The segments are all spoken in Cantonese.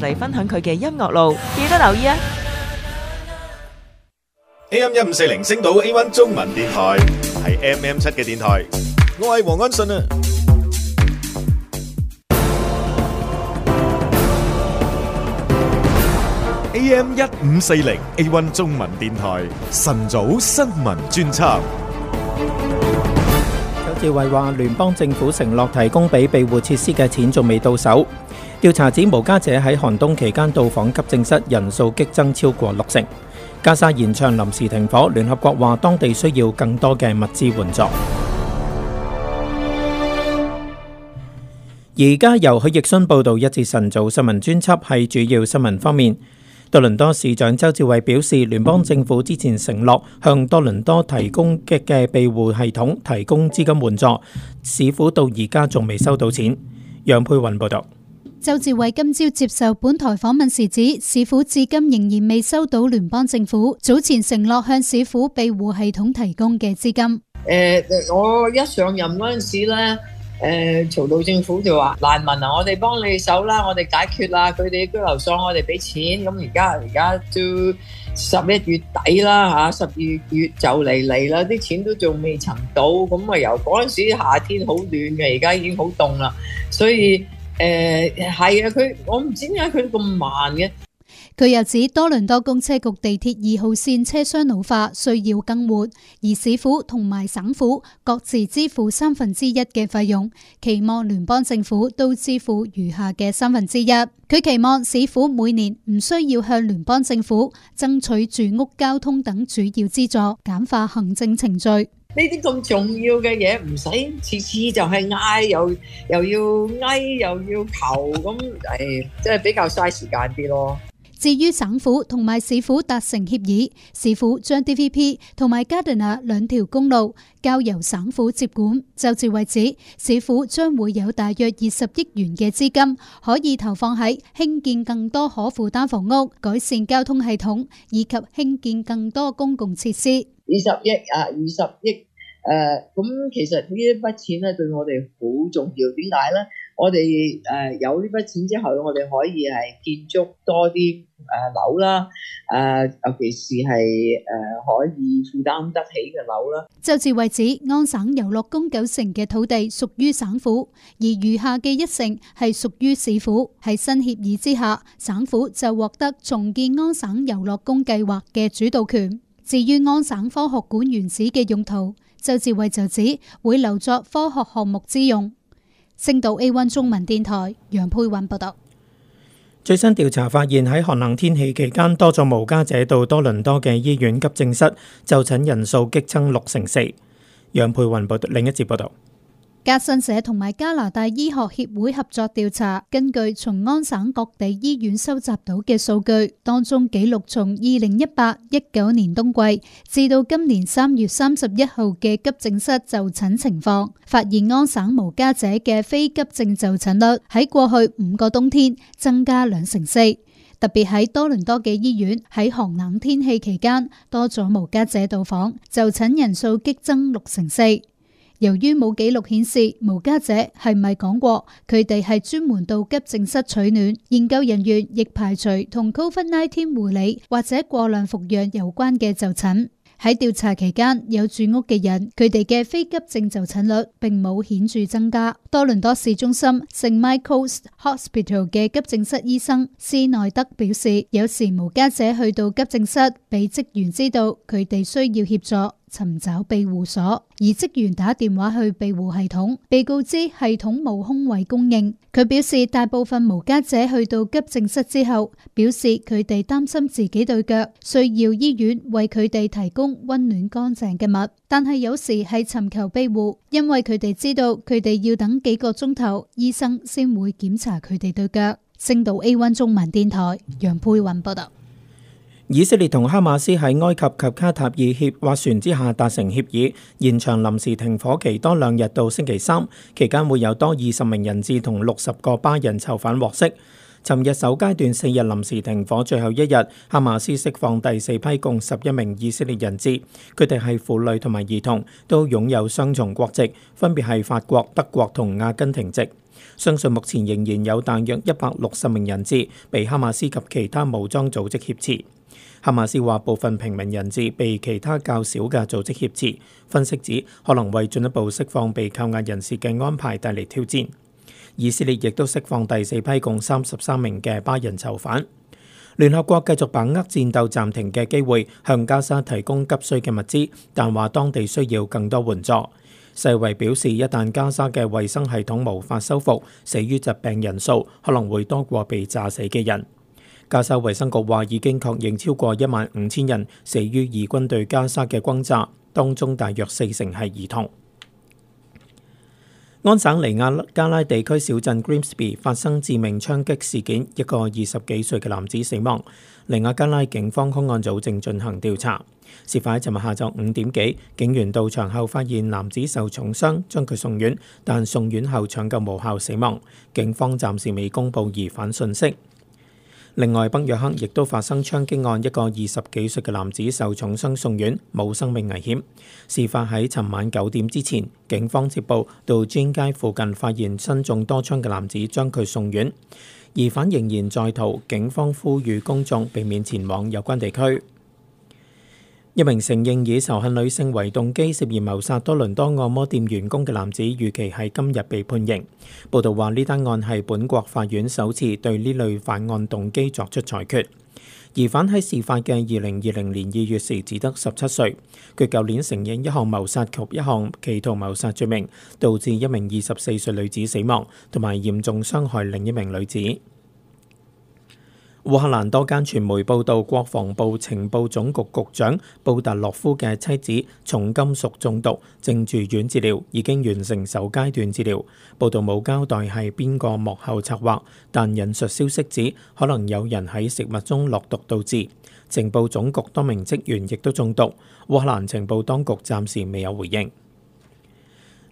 嚟分享佢嘅音樂路，記得留意啊！AM 一五四零星島 A1 中文電台，係 AM 七嘅電台。我係黃安信啊！AM 一五四零 A1 中文電台晨早新聞專輯。特位話聯邦政府承諾提供俾庇護設施嘅錢仲未到手。調查指無家者喺寒冬期間到訪急症室人數激增超過六成。加沙延長臨時停火。聯合國話當地需要更多嘅物資援助。而家由許奕迅報道一至晨早新聞專輯係主要新聞方面。多倫多市長鄒至蕙表示，聯邦政府之前承諾向多倫多提供嘅庇護系統提供資金援助，市府到而家仲未收到錢。楊佩雲報道。鄒至蕙今朝接受本台訪問時指，市府至今仍然未收到聯邦政府早前承諾向市府庇護系統提供嘅資金。誒，我一上任嗰陣時咧。誒，曹道、呃、政府就話難民啊，我哋幫你手啦，我哋解決啦，佢哋居留所我哋俾錢。咁而家而家都十一月底啦，嚇十二月就嚟嚟啦，啲錢都仲未曾到。咁、嗯、啊，由嗰陣時夏天好暖嘅，而家已經好凍啦。所以誒，係、呃、啊，佢我唔知點解佢咁慢嘅。佢又指多倫多公車局地鐵二號線車廂老化，需要更換，而市府同埋省府各自支付三分之一嘅費用，期望聯邦政府都支付餘下嘅三分之一。佢期望市府每年唔需要向聯邦政府爭取住屋、交通等主要資助，簡化行政程序。呢啲咁重要嘅嘢唔使次次就係嗌，又又要嗌，又要求咁，誒，即係比較嘥時間啲咯。至於省府同埋市府達成協議，市府將 DVP 同埋 Gardiner 兩條公路交由省府接管，就至為止。市府將會有大約二十億元嘅資金，可以投放喺興建更多可負擔房屋、改善交通系統以及興建更多公共設施。二十億啊，二十億誒，咁其實呢一筆錢咧，對我哋好重要，點解咧？我哋誒有呢筆錢之後，我哋可以係建築多啲誒樓啦，誒尤其是係誒可以負擔得起嘅樓啦。周志偉指安省遊樂宮九成嘅土地屬於省府，而餘下嘅一成係屬於市府。喺新協議之下，省府就獲得重建安省遊樂宮計劃嘅主導權。至於安省科學館原址嘅用途，周志偉就指會留作科學項目之用。星島 A1 中文電台楊佩雲報道：最新調查發現喺寒冷天氣期間，多咗無家者到多倫多嘅醫院急症室就診人數激增六成四。楊佩雲報道另一節報道。加新社同埋加拿大醫學協會合作調查，根據從安省各地醫院收集到嘅數據，當中記錄從二零一八、一九年冬季至到今年三月三十一號嘅急症室就診情況，發現安省無家者嘅非急症就診率喺過去五個冬天增加兩成四，特別喺多倫多嘅醫院，喺寒冷天氣期間多咗無家者到訪，就診人數激增六成四。由於冇記錄顯示無家者係咪講過佢哋係專門到急症室取暖，研究人員亦排除同 COVID-19 護理或者過量服藥有關嘅就診。喺調查期間，有住屋嘅人佢哋嘅非急症就診率並冇顯著增加。多倫多市中心聖米高 Hospital 嘅急症室醫生斯奈德表示，有時無家者去到急症室，俾職員知道佢哋需要協助。尋找庇護所，而職員打電話去庇護系統，被告知系統冇空位供應。佢表示，大部分無家者去到急症室之後，表示佢哋擔心自己對腳，需要醫院為佢哋提供溫暖乾淨嘅襪。但係有時係尋求庇護，因為佢哋知道佢哋要等幾個鐘頭，醫生先會檢查佢哋對腳。星島 A1 中文電台，楊佩雲報道。以色列同哈馬斯喺埃及及卡塔爾斡旋之下達成協議，延長臨時停火期多兩日到星期三。期間會有多二十名人質同六十個巴人囚犯獲釋。尋日首階段四日臨時停火最後一日，哈馬斯釋放第四批共十一名以色列人質，佢哋係婦女同埋兒童，都擁有雙重國籍，分別係法國、德國同阿根廷籍、籍。相信目前仍然有大約一百六十名人質被哈馬斯及其他武裝組織挾持。哈馬斯話部分平民人質被其他較少嘅組織挾持。分析指可能為進一步釋放被扣押人士嘅安排帶嚟挑戰。以色列亦都釋放第四批共三十三名嘅巴人囚犯。聯合國繼續把握戰鬥暫停嘅機會，向加沙提供急需嘅物資，但話當地需要更多援助。世衛表示，一旦加沙嘅衛生系統無法修復，死於疾病人數可能會多過被炸死嘅人。加沙衛生局話已經確認超過一5五千一萬五千人死於以軍對加沙嘅轟炸，當中大約四成係兒童。安省尼亞加拉地區小鎮 Grimsby 發生致命槍擊事件，一個二十幾歲嘅男子死亡。尼亞加拉警方兇案組正進行調查。事發喺尋日下晝五點幾，警員到場後發現男子受重傷，將佢送院，但送院後搶救無效死亡。警方暫時未公布疑犯信息。另外，北約克亦都發生槍擊案，一個二十幾歲嘅男子受重傷送院，冇生命危險。事發喺尋晚九點之前，警方接報到專街附近發現身中多槍嘅男子，將佢送院。疑犯仍然在逃，警方呼籲公眾避免前往有關地區。一名承認以仇恨女性為動機涉嫌謀殺多倫多按摩店員工嘅男子，預期係今日被判刑。報道話呢單案係本國法院首次對呢類犯案動機作出裁決。疑犯喺事發嘅二零二零年二月時只得十七歲，佢舊年承認一項謀殺及一項企圖謀殺罪名，導致一名二十四歲女子死亡，同埋嚴重傷害另一名女子。烏克蘭多間傳媒報道，國防部情報總局局長布達洛夫嘅妻子重金屬中毒，正住院治療，已經完成首階段治療。報道冇交代係邊個幕後策劃，但引述消息指，可能有人喺食物中落毒導致。情報總局多名職員亦都中毒，烏克蘭情報當局暫時未有回應。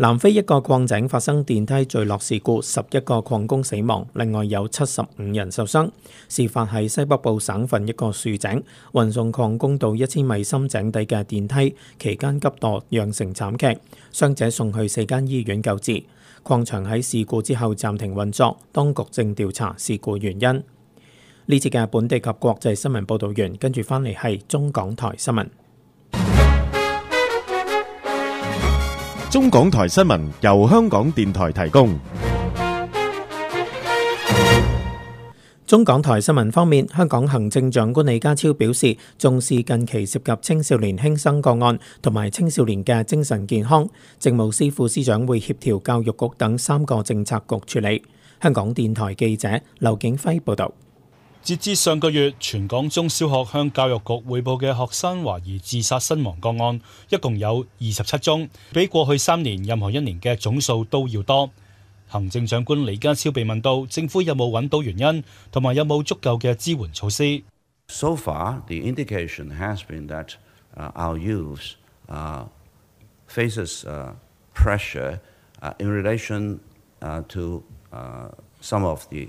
南非一個礦井發生電梯墜落事故，十一個礦工死亡，另外有七十五人受傷。事發喺西北部省份一個豎井，運送礦工到一千米深井底嘅電梯期間急墮，釀成慘劇。傷者送去四間醫院救治。礦場喺事故之後暫停運作，當局正調查事故原因。呢次嘅本地及國際新聞報道員，跟住翻嚟係中港台新聞。中港台新聞由香港電台提供。截至上個月，全港中小學向教育局匯報嘅學生懷疑自殺身亡個案，一共有二十七宗，比過去三年任何一年嘅總數都要多。行政長官李家超被問到政府有冇揾到原因，同埋有冇足夠嘅支援措施？So far, the indication has been that our youth faces pressure in relation to some of the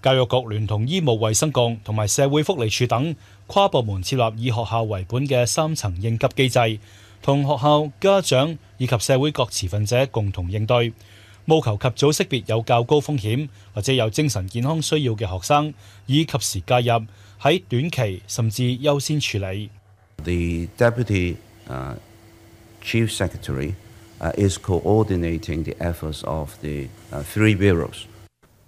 教育局聯同醫務衛生局同埋社會福利署等跨部門設立以學校為本嘅三層應急機制，同學校家長以及社會各持份者共同應對，務求及早識別有較高風險或者有精神健康需要嘅學生，以及時介入喺短期甚至優先處理。The deputy, chief secretary, is coordinating the efforts of the three bureaus.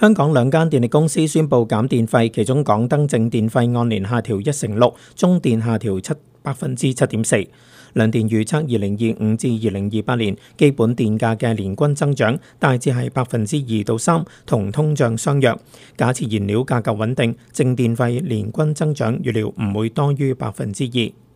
香港兩間電力公司宣布減電費，其中港燈淨電費按年下調一成六，中電下調七百分之七點四。兩電預測二零二五至二零二八年基本電價嘅年均增長大致係百分之二到三，3, 同通脹相若。假設燃料價格穩定，淨電費年均增長預料唔會多於百分之二。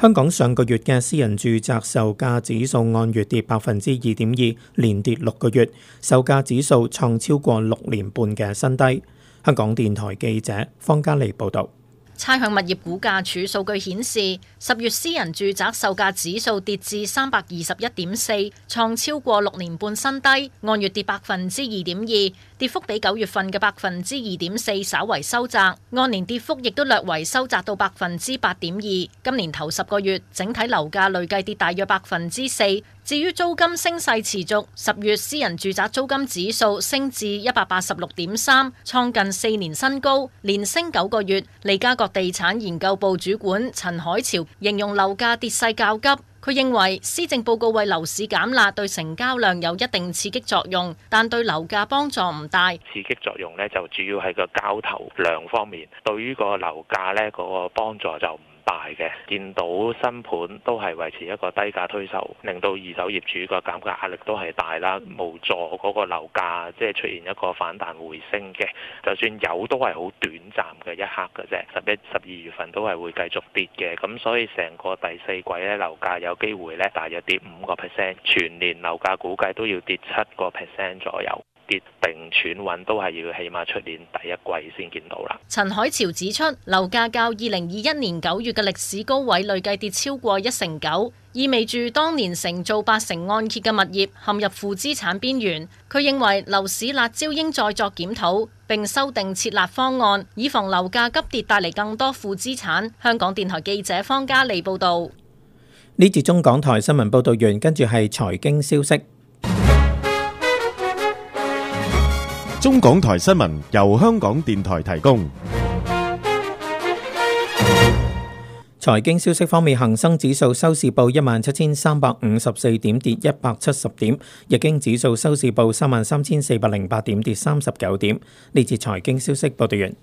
香港上個月嘅私人住宅售價指數按月跌百分之二點二，連跌六個月，售價指數創超過六年半嘅新低。香港電台記者方嘉莉報導。差餉物業估價署數據顯示，十月私人住宅售價指數跌至三百二十一點四，創超過六年半新低，按月跌百分之二點二，跌幅比九月份嘅百分之二點四稍為收窄，按年跌幅亦都略為收窄到百分之八點二。今年頭十個月，整體樓價累計跌大約百分之四。至於租金升勢持續，十月私人住宅租金指數升至一百八十六點三，創近四年新高，連升九個月。利嘉閣地產研究部主管陳海潮形容樓價跌勢較急。佢認為施政報告為樓市減辣對成交量有一定刺激作用，但對樓價幫助唔大。刺激作用呢就主要係個交投量方面，對於個樓價呢嗰個幫助就唔大嘅，見到新盤都係維持一個低價推售，令到二手業主個減價壓力都係大啦，無助嗰個樓價即係、就是、出現一個反彈回升嘅，就算有都係好短暫嘅一刻嘅啫。十一、十二月份都係會繼續跌嘅，咁所以成個第四季咧樓，樓價有機會咧大約跌五個 percent，全年樓價估計都要跌七個 percent 左右。跌定喘穩都係要起碼出年第一季先見到啦。陳海潮指出，樓價較二零二一年九月嘅歷史高位累計跌超過一成九，意味住當年承造八成按揭嘅物業陷入負資產邊緣。佢認為樓市辣招應再作檢討，並修訂設立方案，以防樓價急跌帶嚟更多負資產。香港電台記者方嘉利報道。呢節中港台新聞報道完，跟住係財經消息。中港台新聞由香港電台提供。財經消息方面，恒生指數收市報一萬七千三百五十四點，跌一百七十點；日經指數收市報三萬三千四百零八點，跌三十九點。呢節財經消息報道完。